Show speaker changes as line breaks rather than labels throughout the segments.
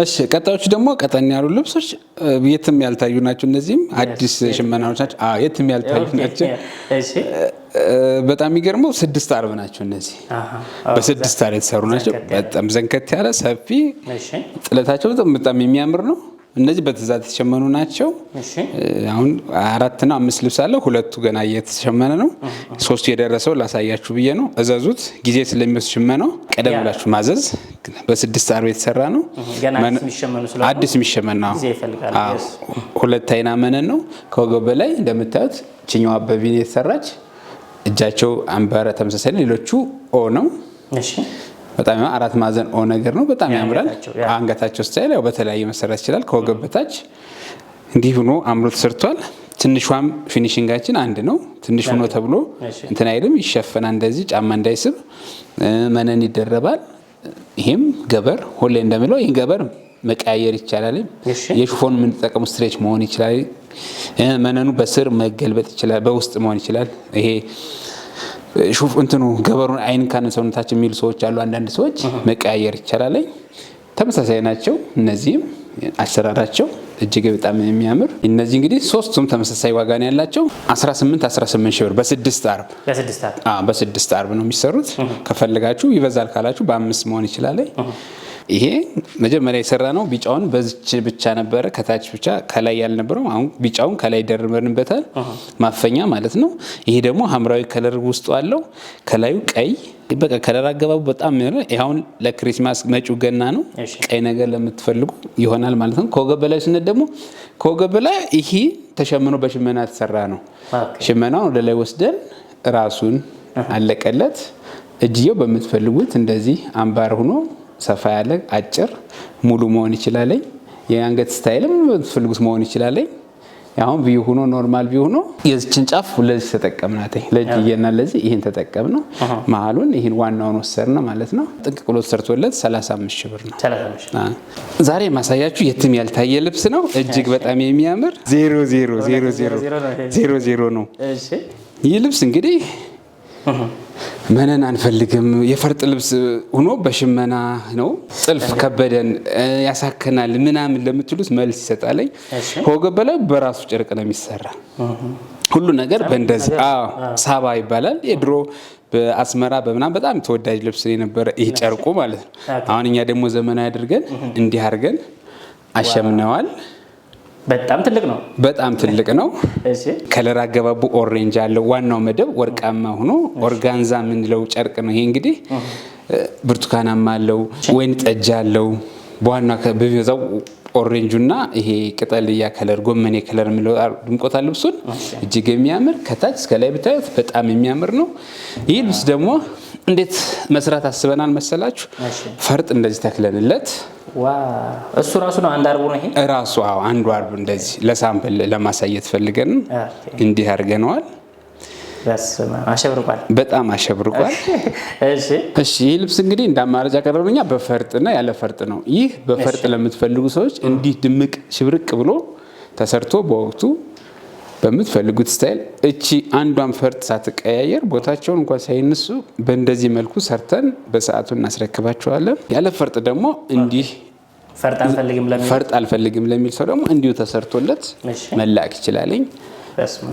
እሺ ቀጣዮቹ ደግሞ ቀጠን ያሉ ልብሶች የትም ያልታዩ ናቸው። እነዚህም አዲስ ሽመናዎች ናቸው። የትም ያልታዩ ናቸው። በጣም የሚገርመው ስድስት አርብ ናቸው። እነዚህ በስድስት አር የተሰሩ ናቸው። በጣም ዘንከት ያለ ሰፊ ጥለታቸው በጣም የሚያምር ነው። እነዚህ በትእዛዝ የተሸመኑ ናቸው። አሁን አራትና አምስት ልብስ አለ። ሁለቱ ገና እየተሸመነ ነው። ሶስቱ የደረሰው ላሳያችሁ ብዬ ነው። እዘዙት፣ ጊዜ ስለሚወስድ ሽመናው ቀደም ብላችሁ ማዘዝ። በስድስት አርብ የተሰራ ነው። አዲስ የሚሸመን ነው። ሁለት አይና መነን ነው። ከወገብ በላይ እንደምታዩት ችኛዋ በቢን የተሰራች እጃቸው አንበረ ተመሳሳይ፣ ሌሎቹ ኦ ነው። በጣም አራት ማዕዘን ኦ ነገር ነው። በጣም ያምራል። አንገታቸው ስታይል ያው በተለያየ መሰራት ይችላል። ከወገብ በታች እንዲህ ሆኖ አምሮ ተሰርቷል። ትንሿም ፊኒሽንጋችን አንድ ነው። ትንሽ ሆኖ ተብሎ እንትን አይልም፣ ይሸፈናል። እንደዚህ ጫማ እንዳይስብ መነን ይደረባል። ይሄም ገበር ሁሌ እንደምለው ይህ ገበር መቀያየር ይቻላል። የሹፎን የምንጠቀሙ ስትሬች መሆን ይችላል። መነኑ በስር መገልበጥ ይችላል፣ በውስጥ መሆን ይችላል። ይሄ ሹፍ እንትኑ ገበሩን አይን ካን ሰውነታችን የሚሉ ሰዎች አሉ። አንዳንድ ሰዎች መቀያየር ይቻላል። ተመሳሳይ ናቸው። እነዚህም አሰራራቸው እጅግ በጣም የሚያምር እነዚህ እንግዲህ ሶስቱም ተመሳሳይ ዋጋ ነው ያላቸው 18 18 ብር በስድስት አርብ በስድስት አርብ ነው የሚሰሩት። ከፈለጋችሁ ይበዛል ካላችሁ በአምስት መሆን ይችላል። ይሄ መጀመሪያ የሰራ ነው። ቢጫውን በዚች ብቻ ነበረ ከታች ብቻ ከላይ ያልነበረው። አሁን ቢጫውን ከላይ ደርመንበታል። ማፈኛ ማለት ነው። ይሄ ደግሞ ሀምራዊ ከለር ውስጡ አለው፣ ከላዩ ቀይ በቃ ከለር አገባቡ በጣም የሚሆነ ይሁን። ለክሪስማስ መጪው ገና ነው። ቀይ ነገር ለምትፈልጉ ይሆናል ማለት ነው። ከወገብ በላይ ስነት ደግሞ ከወገብ በላይ ይሄ ተሸምኖ በሽመና የተሰራ ነው። ሽመናውን ወደ ላይ ወስደን ራሱን አለቀለት። እጅየው በምትፈልጉት እንደዚህ አምባር ሁኖ ሰፋ ያለ አጭር ሙሉ መሆን ይችላለኝ። የአንገት ስታይልም ትፈልጉት መሆን ይችላለኝ። አሁን ቪዩ ሆኖ ኖርማል ቪዩ ሆኖ የዚችን ጫፍ ለዚህ ተጠቀምናት ለእጅ እየና ለዚህ ይህን ተጠቀም ነው። መሀሉን ይህን ዋናውን ወሰድን ማለት ነው። ጥንቅቅሎት ሰርቶለት 35 ሺህ ብር ነው። ዛሬ ማሳያችሁ የትም ያልታየ ልብስ ነው። እጅግ በጣም የሚያምር ዜሮ ዜሮ ዜሮ ዜሮ ነው። ይህ ልብስ እንግዲህ መነን አንፈልግም። የፈርጥ ልብስ ሆኖ በሽመና ነው። ጥልፍ ከበደን፣ ያሳከናል ምናምን ለምትሉት መልስ ይሰጣለኝ። ከወገብ በላይ በራሱ ጨርቅ ነው የሚሰራ ሁሉ ነገር በእንደዚህ ሳባ ይባላል። የድሮ በአስመራ በምናም በጣም ተወዳጅ ልብስ የነበረ ይህ ጨርቁ ማለት ነው። አሁን እኛ ደግሞ ዘመናዊ አድርገን እንዲህ አድርገን አሸምነዋል።
በጣም ትልቅ ነው።
በጣም ትልቅ ነው። ከለር አገባቡ ኦሬንጅ አለው። ዋናው መደብ ወርቃማ ሆኖ ኦርጋንዛ የምንለው ጨርቅ ነው። ይሄ እንግዲህ ብርቱካናማ አለው፣ ወይን ጠጅ አለው። በዋና በዛው ኦሬንጁና ይሄ ቅጠልያ ከለር ጎመኔ ከለር የሚለው ድምቆታ ልብሱን እጅግ የሚያምር ከታች እስከ ላይ ብታዩት በጣም የሚያምር ነው። ይህ ልብስ ደግሞ እንዴት መስራት አስበናል መሰላችሁ? ፈርጥ እንደዚህ ተክለንለት
እሱ ራሱ ነው አንድ አርቡ ነው ይሄ
ራሱ አንዱ አርብ እንደዚህ ለሳምፕል ለማሳየት ፈልገን እንዲህ አድርገነዋል። አሸብርቋል፣ በጣም አሸብርቋል። እሺ ይህ ልብስ እንግዲህ እንደ አማራጭ ያቀረብኛ በፈርጥና ያለ ፈርጥ ነው። ይህ በፈርጥ ለምትፈልጉ ሰዎች እንዲህ ድምቅ ሽብርቅ ብሎ ተሰርቶ በወቅቱ በምትፈልጉት ስታይል እቺ አንዷን ፈርጥ ሳትቀያየር ቦታቸውን እንኳን ሳይነሱ በእንደዚህ መልኩ ሰርተን በሰዓቱ እናስረክባቸዋለን። ያለ ፈርጥ ደግሞ እንዲህ ፈርጥ አልፈልግም ለሚል ሰው ደግሞ እንዲሁ ተሰርቶለት መላክ ይችላለኝ።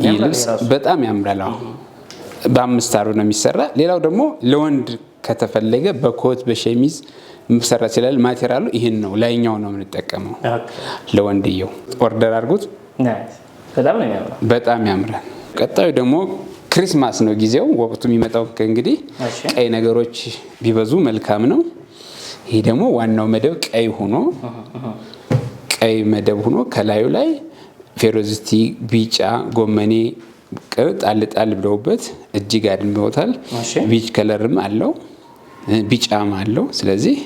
ይህ ልብስ በጣም ያምራል። በአምስት አሮ ነው የሚሰራ። ሌላው ደግሞ ለወንድ ከተፈለገ በኮት በሸሚዝ መሰራት ይችላል። ማቴሪያሉ ይህን ነው፣ ላይኛው ነው የምንጠቀመው። ለወንድየው ኦርደር አድርጉት። በጣም ያምራል። ቀጣዩ ደግሞ ክሪስማስ ነው ጊዜው፣ ወቅቱ የሚመጣው ከእንግዲህ ቀይ ነገሮች ቢበዙ መልካም ነው። ይሄ ደግሞ ዋናው መደብ ቀይ ሆኖ ቀይ መደብ ሆኖ ከላዩ ላይ ፌሮዚቲ ቢጫ ጎመኔ ጣል ጣል ብለውበት እጅግ አድምበውታል። ቢጭ ከለርም አለው ቢጫም አለው። ስለዚህ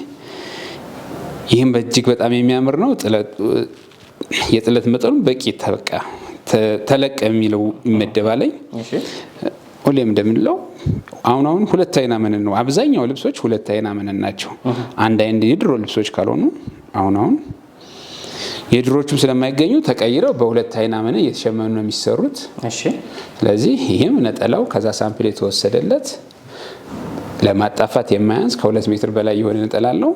ይህም በእጅግ በጣም የሚያምር ነው። የጥለት መጠኑ በቂ ተበቃ ተለቀ የሚለው ይመደባለኝ። ሁሌም እንደምንለው አሁን አሁን ሁለት አይን መነን ነው። አብዛኛው ልብሶች ሁለት አይን መነን ናቸው። አንድ አይን የድሮ ልብሶች ካልሆኑ አሁን አሁን የድሮቹም ስለማይገኙ ተቀይረው በሁለት አይና መነ እየተሸመኑ ነው የሚሰሩት። ስለዚህ ይህም ነጠላው ከዛ ሳምፕል የተወሰደለት ለማጣፋት የማያንስ ከሁለት ሜትር በላይ የሆነ ነጠላ አለው።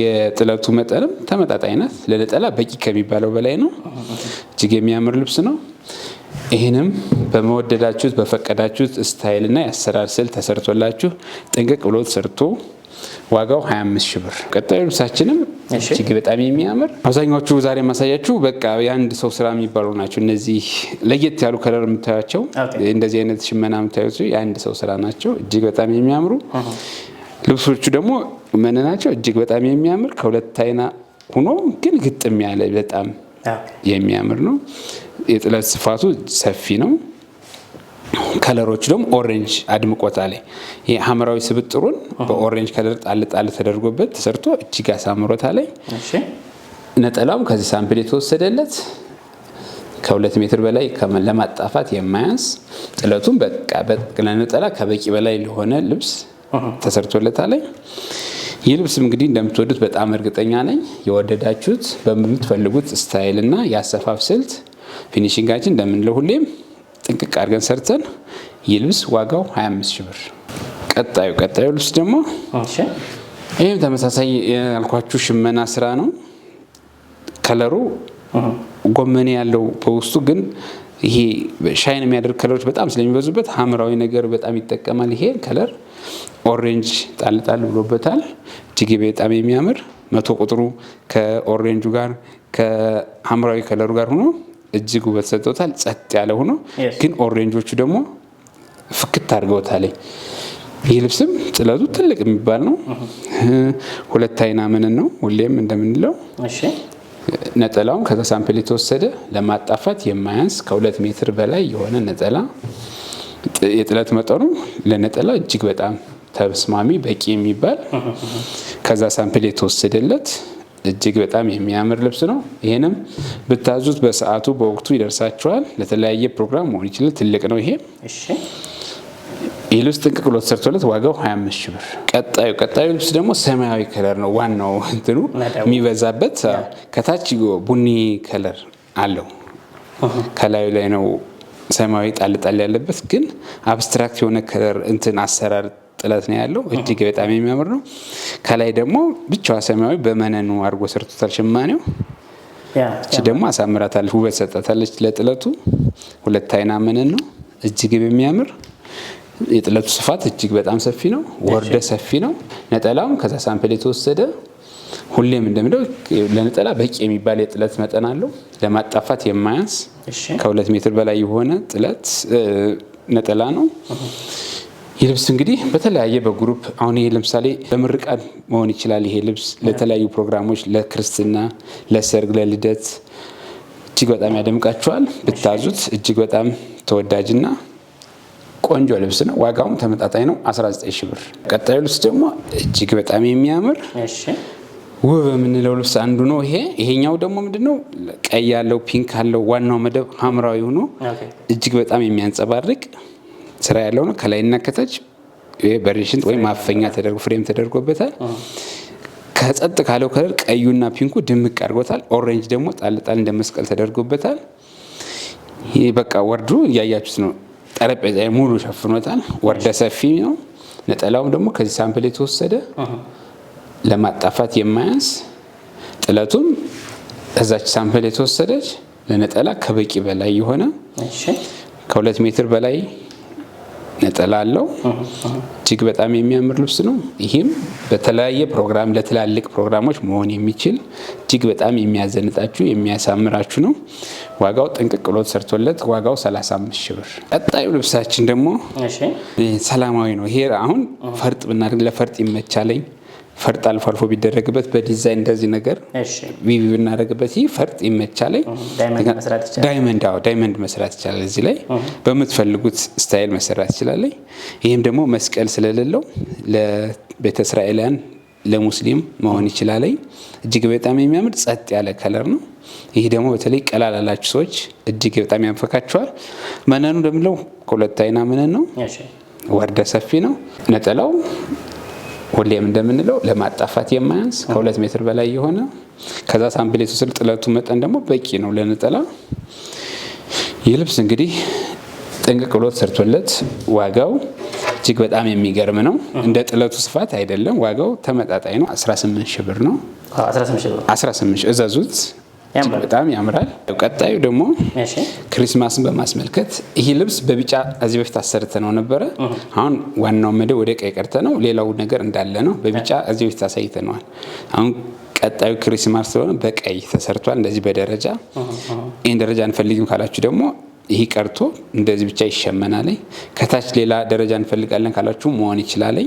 የጥለቱ መጠንም ተመጣጣኝ ናት። ለነጠላ በቂ ከሚባለው በላይ ነው። እጅግ የሚያምር ልብስ ነው። ይህንም በመወደዳችሁት በፈቀዳችሁት ስታይልና የአሰራር ስል ተሰርቶላችሁ ጥንቅቅ ብሎ ተሰርቶ ዋጋው 25 ሺ ብር። ቀጣዩ ልብሳችንም እጅግ በጣም የሚያምር አብዛኛዎቹ ዛሬ ማሳያችሁ በቃ የአንድ ሰው ስራ የሚባሉ ናቸው። እነዚህ ለየት ያሉ ከለር የምታያቸው እንደዚህ አይነት ሽመና የምታዩ የአንድ ሰው ስራ ናቸው። እጅግ በጣም የሚያምሩ ልብሶቹ ደግሞ ምን ናቸው? እጅግ በጣም የሚያምር ከሁለት አይና ሆኖ ግን ግጥም ያለ በጣም የሚያምር ነው። የጥለት ስፋቱ ሰፊ ነው። ከለሮች ደግሞ ኦሬንጅ አድምቆታ ላይ ይሄ ሐምራዊ ስብጥሩን በኦሬንጅ ከለር ጣል ጣል ተደርጎበት ተሰርቶ እጅግ አሳምሮታ ነጠላውም ከዚህ ሳምፕል የተወሰደለት ከሁለት ሜትር በላይ ለማጣፋት የማያንስ ጥለቱም ለነጠላ ከበቂ በላይ ለሆነ ልብስ ተሰርቶለታል። ይህ ልብስ እንግዲህ እንደምትወዱት በጣም እርግጠኛ ነኝ። የወደዳችሁት በምትፈልጉት ስታይል እና የአሰፋፍ ስልት ፊኒሽንጋችን እንደምንለው ሁሌም ጥንቅቅ አድርገን ሰርተን ይህ ልብስ ዋጋው 25 ብር። ቀጣዩ ቀጣዩ ልብስ ደግሞ ይህም ተመሳሳይ ያልኳችሁ ሽመና ስራ ነው። ከለሩ ጎመኔ ያለው በውስጡ ግን ይሄ ሻይን የሚያደርግ ከለሮች በጣም ስለሚበዙበት ሐምራዊ ነገር በጣም ይጠቀማል። ይሄ ከለር ኦሬንጅ ጣልጣል ብሎበታል። እጅግ በጣም የሚያምር መቶ ቁጥሩ ከኦሬንጁ ጋር ከሐምራዊ ከለሩ ጋር ሆኖ እጅግ ውበት ሰጥተውታል። ጸጥ ያለ ሆኖ ግን ኦሬንጆቹ ደግሞ ፍክት አድርገውታል። ይህ ልብስም ጥለቱ ትልቅ የሚባል ነው። ሁለት አይና ምንን ነው ሁሌም እንደምንለው ነጠላውም ከሳምፕል የተወሰደ ለማጣፋት የማያንስ ከሁለት ሜትር በላይ የሆነ ነጠላ የጥለት መጠኑ ለነጠላ እጅግ በጣም ተስማሚ በቂ የሚባል ከዛ ሳምፕል የተወሰደለት እጅግ በጣም የሚያምር ልብስ ነው። ይህንም ብታዙት በሰዓቱ በወቅቱ ይደርሳችኋል። ለተለያየ ፕሮግራም መሆን ይችላል። ትልቅ ነው ይሄ። ይህ ልብስ ጥንቅቅ ብሎ ተሰርቶለት ዋጋው 25 ሺህ ብር። ቀጣዩ ቀጣዩ ልብስ ደግሞ ሰማያዊ ከለር ነው። ዋናው እንትኑ የሚበዛበት ከታች ቡኒ ከለር አለው። ከላዩ ላይ ነው ሰማያዊ ጣል ጣል ያለበት ግን አብስትራክት የሆነ ከለር እንትን አሰራር ጥለት ነው ያለው። እጅግ በጣም የሚያምር ነው። ከላይ ደግሞ ብቻዋ ሰማያዊ በመነኑ አድርጎ ሰርቶታል ሸማኔው እች ደግሞ አሳምራታለች፣ ውበት ሰጣታለች ለጥለቱ። ሁለት አይና መነን ነው እጅግ የሚያምር የጥለቱ ስፋት እጅግ በጣም ሰፊ ነው። ወርደ ሰፊ ነው። ነጠላውም ከዛ ሳምፕል የተወሰደ ሁሌም እንደምለው ለነጠላ በቂ የሚባል የጥለት መጠን አለው። ለማጣፋት የማያንስ ከሁለት ሜትር በላይ የሆነ ጥለት ነጠላ ነው። ይህ ልብስ እንግዲህ በተለያየ በግሩፕ አሁን ይሄ ለምሳሌ ለምርቃት መሆን ይችላል። ይሄ ልብስ ለተለያዩ ፕሮግራሞች፣ ለክርስትና፣ ለሰርግ፣ ለልደት እጅግ በጣም ያደምቃችኋል። ብታዙት እጅግ በጣም ተወዳጅና ቆንጆ ልብስ ነው። ዋጋውም ተመጣጣኝ ነው፣ 19 19ሺ ብር። ቀጣዩ ልብስ ደግሞ እጅግ በጣም የሚያምር ውብ የምንለው ልብስ አንዱ ነው። ይሄ ይሄኛው ደግሞ ነው? ቀይ ያለው ፒንክ አለው ዋናው መደብ ሐምራዊ ሆኖ እጅግ በጣም የሚያንጸባርቅ ስራ ያለው ነው። ከላይና ከታች በሬሽን ወይም ማፈኛ ተደርጎ ፍሬም ተደርጎበታል። ከጸጥ ካለው ከለር ቀዩና ፒንኩ ድምቅ አድርጎታል። ኦሬንጅ ደግሞ ጣልጣል እንደ መስቀል ተደርጎበታል። ይህ በቃ ወርዱ እያያችሁት ነው። ጠረጴዛ ሙሉ ሸፍኖታል። ወርደ ሰፊ ነው። ነጠላውም ደግሞ ከዚህ ሳምፕል የተወሰደ ለማጣፋት የማያንስ ጥለቱም እዛች ሳምፕል የተወሰደች ለነጠላ ከበቂ በላይ የሆነ ከሁለት ሜትር በላይ ነጠላ አለው። እጅግ በጣም የሚያምር ልብስ ነው። ይህም በተለያየ ፕሮግራም ለትላልቅ ፕሮግራሞች መሆን የሚችል እጅግ በጣም የሚያዘንጣችሁ የሚያሳምራችሁ ነው። ዋጋው ጥንቅቅ ብሎ ተሰርቶለት ዋጋው 35 ሺህ ብር። ቀጣዩ ልብሳችን ደግሞ ሰላማዊ ነው። ይሄ አሁን ፈርጥ ብናደርግ ለፈርጥ ይመቻለኝ ፈርጥ አልፎ አልፎ ቢደረግበት በዲዛይን እንደዚህ ነገር ቪቪ ብናደረግበት ይህ ፈርጥ ይመቻላይ። ዳይመንድ አዎ ዳይመንድ መስራት ይቻላል። እዚህ ላይ በምትፈልጉት ስታይል መሰራት ይችላለኝ። ይህም ደግሞ መስቀል ስለሌለው ለቤተ እስራኤላውያን ለሙስሊም መሆን ይችላለኝ። እጅግ በጣም የሚያምር ጸጥ ያለ ከለር ነው። ይህ ደግሞ በተለይ ቀላላላችሁ ሰዎች እጅግ በጣም ያንፈካችኋል። መነኑ እንደምለው ከሁለት አይና መነን ነው። ወርደ ሰፊ ነው ነጠላው ሁሌም እንደምንለው ለማጣፋት የማያንስ ከሁለት ሜትር በላይ የሆነ ከዛ ሳምፕሌቱ ስል ጥለቱ መጠን ደግሞ በቂ ነው ለነጠላ። ይህ ልብስ እንግዲህ ጥንቅቅ ብሎ ተሰርቶለት ዋጋው እጅግ በጣም የሚገርም ነው። እንደ ጥለቱ ስፋት አይደለም፣ ዋጋው ተመጣጣኝ ነው። 18 ሺህ ብር ነው።
18
እዘዙት። በጣም ያምራል። ቀጣዩ ደግሞ ክሪስማስን በማስመልከት ይህ ልብስ በቢጫ እዚህ በፊት አሰርተ ነው ነበረ። አሁን ዋናው መደብ ወደ ቀይ ቀርተ ነው፣ ሌላው ነገር እንዳለ ነው። በቢጫ እዚህ በፊት አሳይተነዋል። አሁን ቀጣዩ ክሪስማስ ስለሆነ በቀይ ተሰርቷል። እንደዚህ በደረጃ ይህን ደረጃ አንፈልግም ካላችሁ ደግሞ ይህ ቀርቶ እንደዚህ ብቻ ይሸመናል። ከታች ሌላ ደረጃ እንፈልጋለን ካላችሁ መሆን ይችላል።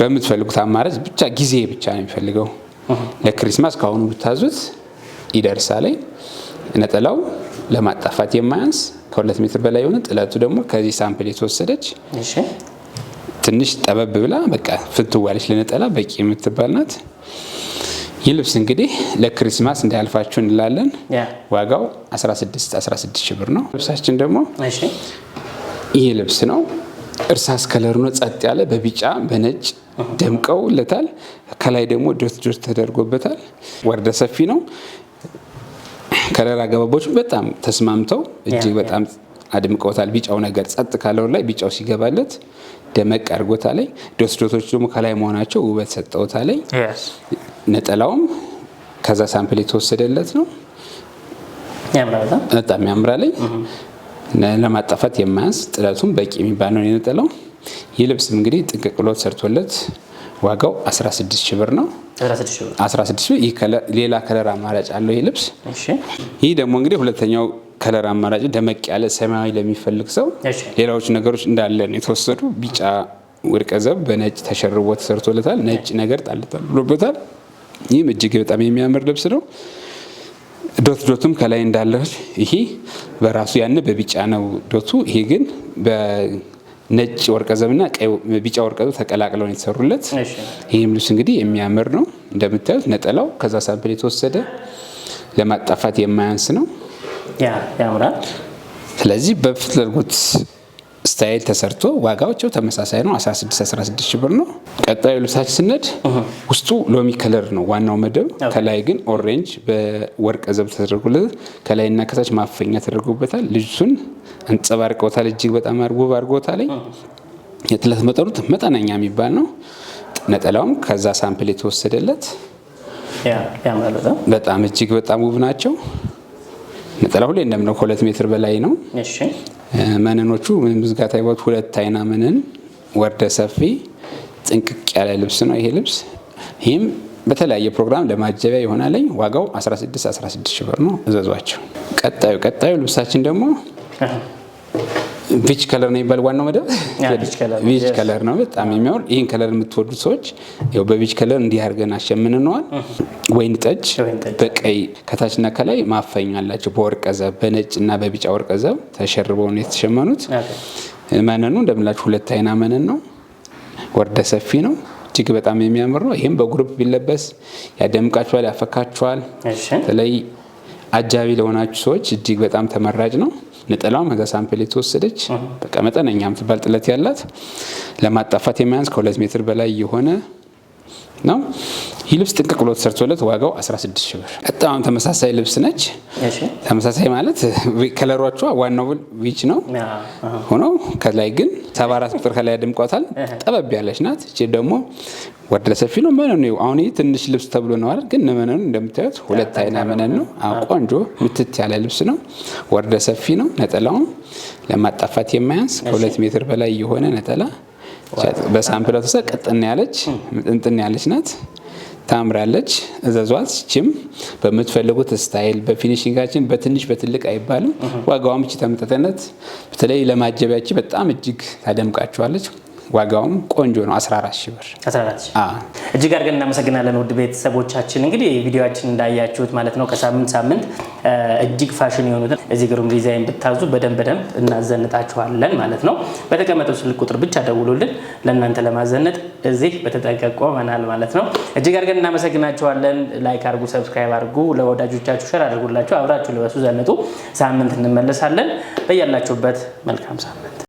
በምትፈልጉት አማራጭ ብቻ ጊዜ ብቻ ነው የሚፈልገው ለክሪስማስ ከአሁኑ ብታዙት ይደርሳለኝ። ነጠላው ለማጣፋት የማያንስ ከሁለት ሜትር በላይ የሆነ ጥለቱ ደግሞ ከዚህ ሳምፕል የተወሰደች ትንሽ ጠበብ ብላ በቃ ፍትዋለች ለነጠላ በቂ የምትባል ናት። ይህ ልብስ እንግዲህ ለክሪስማስ እንዳያልፋችሁ እንላለን። ዋጋው 16 16 ሺህ ብር ነው። ልብሳችን ደግሞ ይህ ልብስ ነው። እርሳስ ከለር ነው፣ ጸጥ ያለ በቢጫ በነጭ ደምቀውለታል። ከላይ ደግሞ ዶት ዶት ተደርጎበታል። ወርደ ሰፊ ነው። ከረራ ገባቦች በጣም ተስማምተው እጅግ በጣም አድምቀውታል። ቢጫው ነገር ጸጥ ካለው ላይ ቢጫው ሲገባለት ደመቅ አድርጎታ ላይ ዶት ዶቶች ደግሞ ከላይ መሆናቸው ውበት ሰጠውታ ላይ ነጠላውም ከዛ ሳምፕል የተወሰደለት ነው። በጣም ያምራለኝ ለማጣፋት የማያንስ ጥለቱም በቂ የሚባል ነው የነጠላው። ይህ ልብስም እንግዲህ ጥንቅቅ ሰርቶለት ዋጋው 16 ሺህ ብር ነው። 16 ሺህ ሌላ ከለር አማራጭ አለው ይህ ልብስ። ይህ ደግሞ እንግዲህ ሁለተኛው ከለር አማራጭ ደመቅ ያለ ሰማያዊ ለሚፈልግ ሰው ሌላዎች ነገሮች እንዳለ ነው የተወሰዱ። ቢጫ ወርቀዘብ በነጭ ተሸርቦ ተሰርቶለታል። ነጭ ነገር ጣልጣል ብሎበታል። ይህም እጅግ በጣም የሚያምር ልብስ ነው። ዶት ዶቱም ከላይ እንዳለ ይሄ በራሱ ያነ በቢጫ ነው ዶቱ። ይሄ ግን ነጭ ወርቀዘብና ቢጫ ወርቀዘብ ተቀላቅለው ነው የተሰሩለት። ይህም ልብስ እንግዲህ የሚያምር ነው እንደምታዩት ነጠላው ከዛ ሳምፕል የተወሰደ ለማጣፋት የማያንስ ነው። ያምራል። ስለዚህ በፍላጎት ስታይል ተሰርቶ ዋጋዎቸው ተመሳሳይ ነው። 16 16 ሺህ ብር ነው። ቀጣዩ ልብሳችን ስነድ ውስጡ ሎሚ ከለር ነው ዋናው መደብ፣ ከላይ ግን ኦሬንጅ በወርቅ ዘብ ተደርጎለት ከላይና ከታች ማፈኛ ተደርጎበታል። ልብሱን አንጸባርቀውታል። እጅግ በጣም አርጎብ አርጎታል። የጥለት መጠኑት መጠነኛ የሚባል ነው። ነጠላውም ከዛ ሳምፕል የተወሰደለት በጣም እጅግ በጣም ውብ ናቸው። ነጠላ ሁሌ እንደምነው ከሁለት ሜትር በላይ ነው። መነኖቹ ምዝጋታ ሕይወት ሁለት አይና መነን ወርደ ሰፊ ጥንቅቅ ያለ ልብስ ነው ይሄ ልብስ። ይህም በተለያየ ፕሮግራም ለማጀቢያ ይሆናለኝ። ዋጋው 16 16 ሺህ ብር ነው። እዘዟቸው። ቀጣዩ ቀጣዩ ልብሳችን ደግሞ ቪች ከለር ነው የሚባል ዋናው መደብ ቪች ከለር ነው። በጣም የሚያምር ይህን ከለር የምትወዱት ሰዎች ያው በቪች ከለር እንዲህ አድርገን አሸምንነዋል። ወይን ጠጅ በቀይ ከታችና ከላይ ማፈኛ አላቸው። በወርቀዘብ በነጭ እና በቢጫ ዘብ ተሸርበው ነው የተሸመኑት። መነኑ እንደምላችሁ ሁለት አይና መነን ነው። ወርደ ሰፊ ነው። እጅግ በጣም የሚያምር ነው። ይህም በግሩፕ ቢለበስ ያደምቃችኋል፣ ያፈካችኋል። በተለይ አጃቢ ለሆናችሁ ሰዎች እጅግ በጣም ተመራጭ ነው። ነጠላዋም ሳምፕል የተወሰደች በቃ መጠነኛ የምትባል ጥለት ያላት ለማጣፋት የማያንስ ከሁለት ሜትር በላይ የሆነ ነው። ይህ ልብስ ጥንቅቅ ብሎ ተሰርቶለት ዋጋው 16 ሺህ ብር። በጣም ተመሳሳይ ልብስ ነች። ተመሳሳይ ማለት ከለሯቿ ዋናው ቢጅ ነው ሆኖ ከላይ ግን 74 ቁጥር ከላይ ድምቋታል። ጠበብ ያለች ናት። እቺ ደግሞ ወደ ሰፊ ነው መነን ነው። አሁን ይህ ትንሽ ልብስ ተብሎ ነው አይደል? ግን መነኑ እንደምታዩት ሁለት አይና መነን ነው። ቆንጆ ምትት ያለ ልብስ ነው። ወርደ ሰፊ ነው ነጠላውም ለማጣፋት የማያንስ ከሁለት ሜትር በላይ የሆነ ነጠላ በሳምፕል ተሰ ቅጥና ያለች ምጥንጥን ያለች ናት። ታምራለች። እዘዟት። ችም በምትፈልጉት ስታይል በፊኒሽንጋችን በትንሽ በትልቅ አይባልም። ዋጋዋም እቺ ተመጣጣኝነት በተለይ ለማጀቢያችን በጣም እጅግ ታደምቃችኋለች። ዋጋውም ቆንጆ ነው። 14 ሺህ ብር።
እጅግ አድርገን እናመሰግናለን ውድ ቤተሰቦቻችን። እንግዲህ ቪዲዮችን እንዳያችሁት ማለት ነው ከሳምንት ሳምንት እጅግ ፋሽን የሆኑትን እዚህ ግሩም ዲዛይን ብታዙ በደንብ በደንብ እናዘንጣችኋለን ማለት ነው። በተቀመጠው ስልክ ቁጥር ብቻ ደውሉልን። ለእናንተ ለማዘነጥ እዚህ በተጠንቀቅ ቆመናል ማለት ነው። እጅግ አድርገን እናመሰግናችኋለን። ላይክ አድርጉ፣ ሰብስክራይብ አድርጉ፣ ለወዳጆቻችሁ ሸር አድርጉላችሁ። አብራችሁ ልበሱ፣ ዘንጡ። ሳምንት እንመለሳለን። በያላችሁበት መልካም ሳምንት